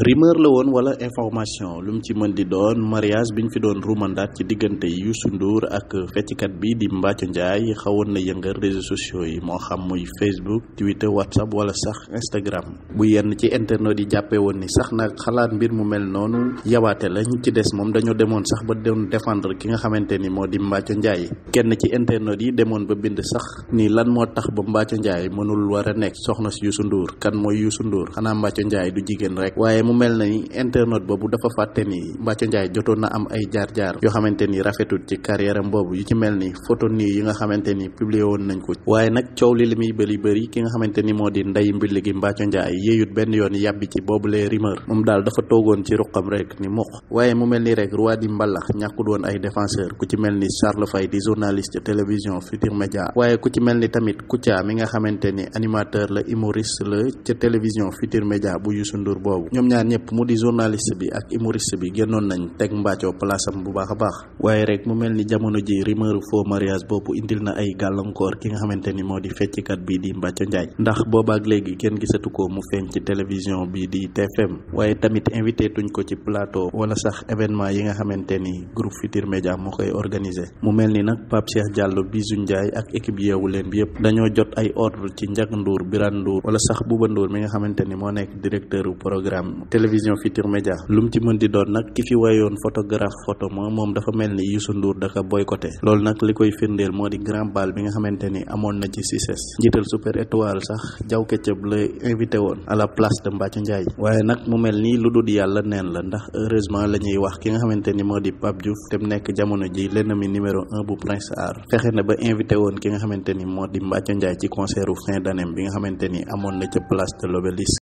rumeur la woon wala information lu mu ci mën di doon mariage bi ñu fi doon ruumandaat ci diggante Youssou Ndour ak feccikat bi di Mbathio Ndiaye xawoon na yëngal réseaux sociaux yi moo xam muy Facebook Twitter WhatsApp wala sax Instagram bu yenn ci internet yi jàppee woon ni sax nag xalaat mbir mu mel noonu yawaate la ñu ci des moom dañoo demoon sax ba doon défendre ki nga xamante ni moo di Mbathio Ndiaye kenn ci internet yi demoon ba bind sax ni lan moo tax ba Mbathio Ndiaye mënul war a nekk soxna si Youssou Ndour kan mooy Youssou Ndour xanaa Mbathio Ndiaye du jigéen rek mu mel na ni internaute boobu dafa fàtte ni Mbathio Ndiaye jotoon na am ay jaar-jaar yoo xamante ni rafetul ci carrière am yu ci mel ni photo nii yi nga xamante ni publié woon nañ ko waaye nag coow li li muy bëri bëri ki nga xamante ni moo di nday mbilli gi Mbathio Ndiaye yéeyut benn yoon yàbbi ci boobu les rumeurs moom daal dafa toogoon ci ruqam rek ni muq waaye mu mel ni rek roi di mbalax ñàkkut woon ay défenseur ku ci mel ni Charles Faye di journaliste télévision Futur Média waaye ku ci mel ni tamit Kouthia mi nga xamante ni animateur la humoriste la ca télévision Futur Média bu Youssou Ndour ñaar ñëpp mu di journaliste bi ak humoriste bi génnoon nañ teg mbaacoo place am bu baax a baax waaye rek mu mel ni jamono ji rumeur faux mariage boobu indil na ay gàllankoor ki nga xamante ni moo di kat bi di Mbathio Ndiaye ndax boobaak léegi kenn gisatu ko mu feeñ ci télévision bii di TFM waaye tamit invité tuñ ko ci plateau wala sax événement yi nga xamante ni groupe Futurs Médias moo koy organisé mu mel ni nag Pape Cheikh Diallo Bisou Ndiaye ak équipe yeewu leen bi yëpp jot ay ordre ci Ndiaga Ndour Birane Ndour wala sax Bouba mi nga xamante ni moo nekk directeur programme télévision Futurs Médias lu mu ci mën di doon nag ki fi wayoon photographe photo ma moom dafa mel ni Youssou nduur daka boycotté loolu nag li koy firndeel moo di grand bal bi nga xamante ni amoon na ci CICES njiital super étoile sax Diaw Ketchup la invité woon à la place de Mbathio Ndiaye waaye nag mu mel nii lu dul yàlla neen la ndax heureusement la ñuy wax ki nga xamante ni moo di Pape Diouf te mu nekk jamono ji mi numéro un bu Prince Art fexe na ba invité woon ki nga xamante ni moo di Mbathio Ndiaye ci concertu fin d'année bi nga xamante ni amoon na ca place de